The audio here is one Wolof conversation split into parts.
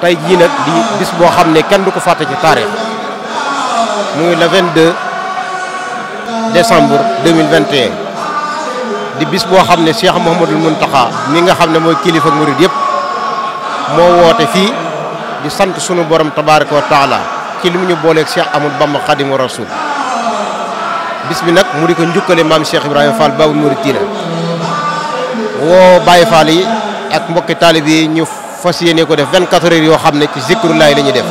tey jii nag di bis boo xam ne kenn du ko fàtte ci taarix muy le 22 décembre 2021 di bis boo xam ne Cheikh Mouhamadul Mountakha mi nga xam ne mooy kilifa murid yëpp moo woote fii di sant sunu borom tabaaraka wa taala ci li mu ñu booleeg Cheikh Amadou Bamba Khadimu Rasul bis bi nag mu di ko njukkale maam Cheikh Ibrahima Fall Babul Mouridina woo Baye Fall yi ak mbokki taalib yi ñu. fas yéene ko def vingt 24 heures yoo xam ne ci zikrullaay la ñuy def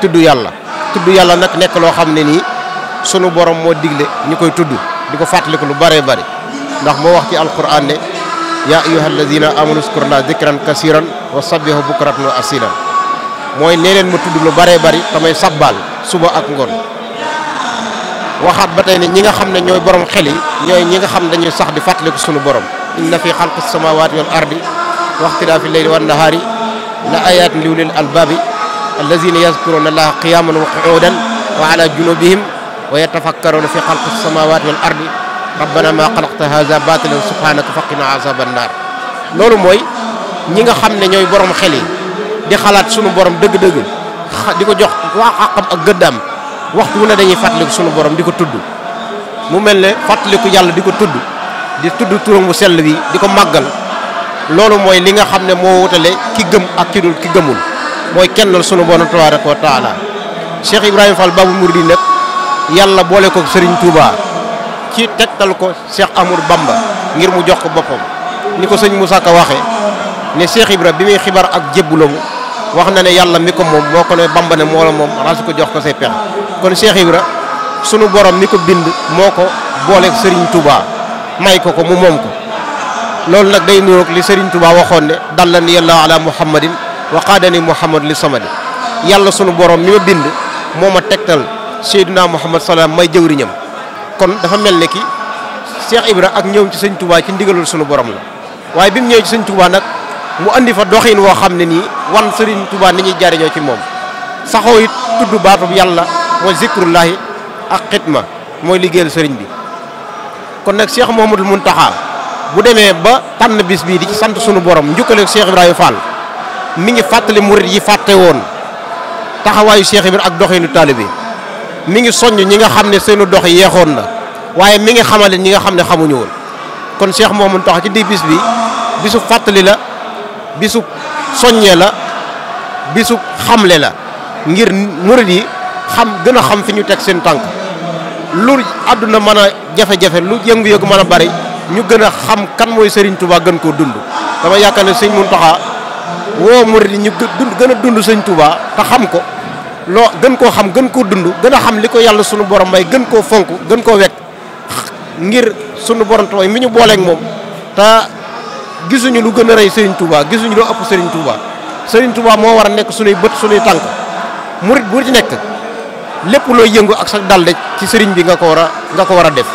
tudd yàlla tudd yàlla nag nekk loo xam ne nii sunu borom moo digle ñu koy tudd di ko fàttaliku lu bëree bari ndax moo wax ci alquran ne yaa ayyuha alladina amanu zkurullaha zikran kasiran wa sabbihu bukratan wa asilan mooy nee leen ma tudd lu bëree bëri damay sabbaal suba ak ngoon waxaat ba tey ne ñi nga xam ne ñooy borom xel yi ñooy ñi nga xam ne dañuy sax di fàttaliku sunu borom inna fi xalqi samawati واختلاف الليل والنهار لآيات لأولي الألباب الذين يذكرون الله قياما وقعودا وعلى جنوبهم ويتفكرون في خلق السماوات والأرض ربنا ما خلقت هذا باطلا سبحانك فقنا عذاب النار loolu mooy ñi nga xam ne ñooy borom xel yi di xalaat sunu borom dëgg-dëgg di ko jox waa àqam ak gëddaam waxtu wu ne dañuy fàttaliku sunu borom di ko tudd mu mel ne fàttaliku yàlla di ko tudd di tudd turam bu sell bi di ko màggal. loolu mooy li nga xam ne moo wutale ki gëm ak ki dul ki gëmul mooy kennal sunu borom tabaaraka wa taala Cheikh Ibrahima Fall Babou Mouride nag yàlla boole ko sëriñ Touba ci tegtal ko Cheikh Amadou Bamba ngir mu jox ko boppam ni ko sëñ Moussa Ka waxe ne Cheikh rek bi muy xibaar ak jébbulamu wax na ne yàlla mi ko moom moo ko ne Bamba ne moo la moom rasu ko jox ko say pex kon Cheikh Ibra sunu borom mi ko bind moo ko boole sëriñ Touba may ko ko mu moom ko. loolu nag day nuroog li Serigne Touba waxoon ne dallan yàlla ala muhammadin wa qaadani muhammad li samadi yàlla sunu boroom mi ma bind moo ma tegtal Seydina Muhammad salaam may jëwriñam kon dafa mel ne ki Cheikh Ibra ak ñëw ci sëñ Touba ci ndigalul sunu borom la waaye bi mu ñëwee ci sëñ Touba nag mu indi fa doxin woo xam ne nii wan sëriñ Touba ni ñuy jariñoo ci moom saxoo it tudd baatub yàlla mooy zikrullahi ak xitma mooy liggéeyal sëriñ bi kon nag Cheikh Mouhamadoul Mountakha bu demee ba tànn bis bii di ci sant sunu borom njukkale Cheikh Ibrahima Fall mi ngi fàttali murit yi fàtte woon taxawaayu Cheikh Ibrahima ak doxinu taalibe mi ngi soññ ñi nga xam ne seeni dox yeexoon na waaye mi ngi xamale ñi nga xam ne xamuñu woon kon Cheikh Mouhamadou tax ci di bis bi bisu fàttali la bisu soññee la bisu xamle la ngir murit yi xam gën a xam fi ñu teg seen tànk lu àdduna mën a jafe-jafe lu yëngu-yëngu mën a bari ñu gën a xam kan mooy Serigne Touba gën koo dund dama yaakaar ne sëñ Mountakha woo murid yi ñu gën a dund sëñ Touba te xam ko loo gën koo xam gën koo dund gën a xam li ko yàlla sunu borom may gën koo fonk gën koo wekk ngir sunu borom Touba mi ñu booleek moom te gisuñu lu gën a rey Serigne Touba gisuñu lu ëpp Serigne Touba Serigne Touba moo war a nekk sunuy bët sunuy tànk murid bu ci nekk lépp looy yëngu ak sa dal ci sëriñ bi nga ko war a nga ko war a def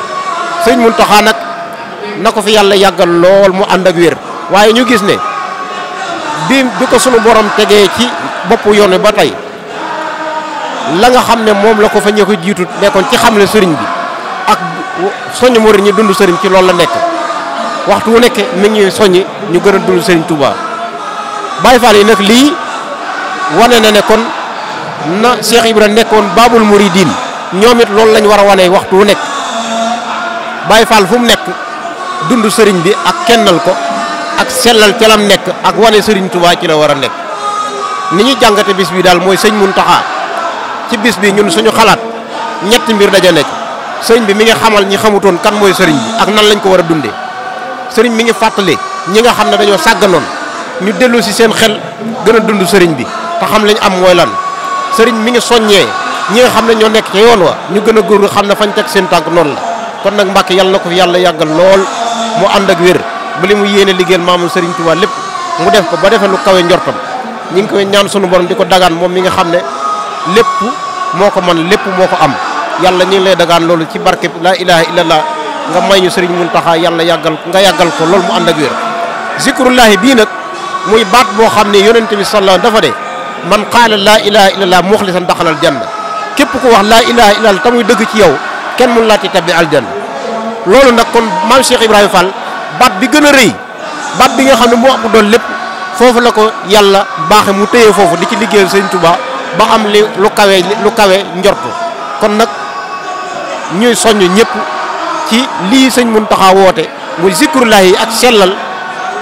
na ko fi yàlla yàggal lool mu ànd ak wér waaye ñu gis ne bi bi ko sunu borom tegee ci boppu yoon wi ba tey la nga xam ne moom la ko fa ñëw jiitu nekkoon ci xam ne sëriñ bi ak soññ murit ñi dund sëriñ ci loolu la nekk waxtu wu nekk mi ngi soññi ñu gën a dund sëriñ Touba Baye Fall yi nag lii wane na ne kon na Cheikh Ibra nekkoon Babul Mouridine ñoom it loolu lañ war a wane waxtu wu nekk Baye Fall fu nekk. dund sëriñ bi ak kennal ko ak sellal ca nekk ak wane sëriñ Tuubaa ci la war a nekk ni ñu jàngate bis bii daal mooy sëñ Muntaxa ci bis bii ñun suñu xalaat ñetti mbir daja nekk sëriñ bi mi ngi xamal ñi xamutoon kan mooy sëriñ bi ak nan lañ ko war a dundee sëriñ mi ngi fàttali ñi nga xam ne dañoo sàgganoon ñu dellu si seen xel gën a dund sëriñ bi te xam lañu am mooy lan sëriñ mi ngi soññee ñi nga xam ne ñoo nekk ca yoon wa ñu gën a góor xam ne fañ teg seen tànk noonu la kon nag Mbàkke yàlla na ko yàlla yàggal lool mu ànd ak wér ba li mu yéene liggéeyal maamul Serigne Touba lépp mu def ko ba defee lu kawe njortam ñi ngi koy ñaan sunu borom di ko dagaan moom mi nga xam ne lépp moo ko man lépp moo ko am yàlla ñu ngi lay dagaan loolu ci barke bi laa ilaha illallah nga may ñu Serigne Mountakha yàlla yàggal nga yàggal ko loolu mu ànd ak wér zikrullahi bii nag muy baat boo xam ne yonent bi sallallahu dafa de man qaala laa ilaha illallah muxlisan daxalal janna képp ku wax laa ilaha illallah tamuy dëgg ci yow kenn mun laa ci tabbi aljanna loolu nag kon maam Cheikh Ibrahima Fall baat bi gën a rëy baat bi nga xam ne mu wax bu doon lépp foofu la ko yàlla baaxe mu téye foofu di ci liggéeyal sëñ Touba ba am li lu kawe lu kawe njortu kon nag ñuy soññ ñëpp ci lii sëñ Mountakha woote muy zikrullahi ak sellal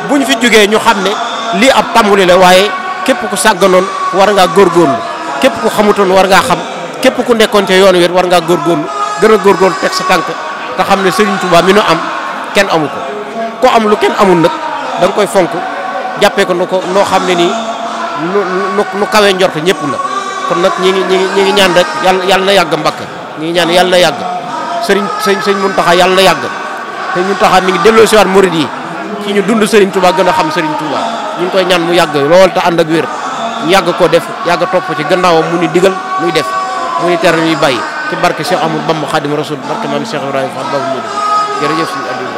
bu ñu fi jógee ñu xam ne lii ab tàmbali la waaye képp ku sàgganoon war ngaa góorgóorlu képp ku xamutoon war ngaa xam képp ku nekkoon ca yoon wi war ngaa góorgóorlu gën a góorgóorlu teg sa tànk te xam ne Serigne Touba mi nu am kenn amu ko ko am lu kenn amul nag danga koy fonk jàppee ko ko noo xam ne nii nu nu nu kawee njorte ñëpp la kon nag ñi ngi ñi ngi ñi ngi ñaan rek yàlla yàlla na yàgg mbakk ñi ngi ñaan yàlla na yàgg sëriñ sëñ sëñ mun Muntaxa yàlla na yàgg te Muntaxa mi ngi delloo siwaat murid yi ci ñu dund sëriñ Touba gën a xam Serigne Touba ñu ngi koy ñaan mu yàgg lool te ànd ak wér ñu yàgg koo def yàgg topp ci gannaawam mu ni digal muy def mu ni tere ñuy bàyyi ci barke Cheikh Amadou Bamba Khadim Rasoul barke maam Cheikh Ibrahima Fall Babou Mourid jërëjëf suñu addi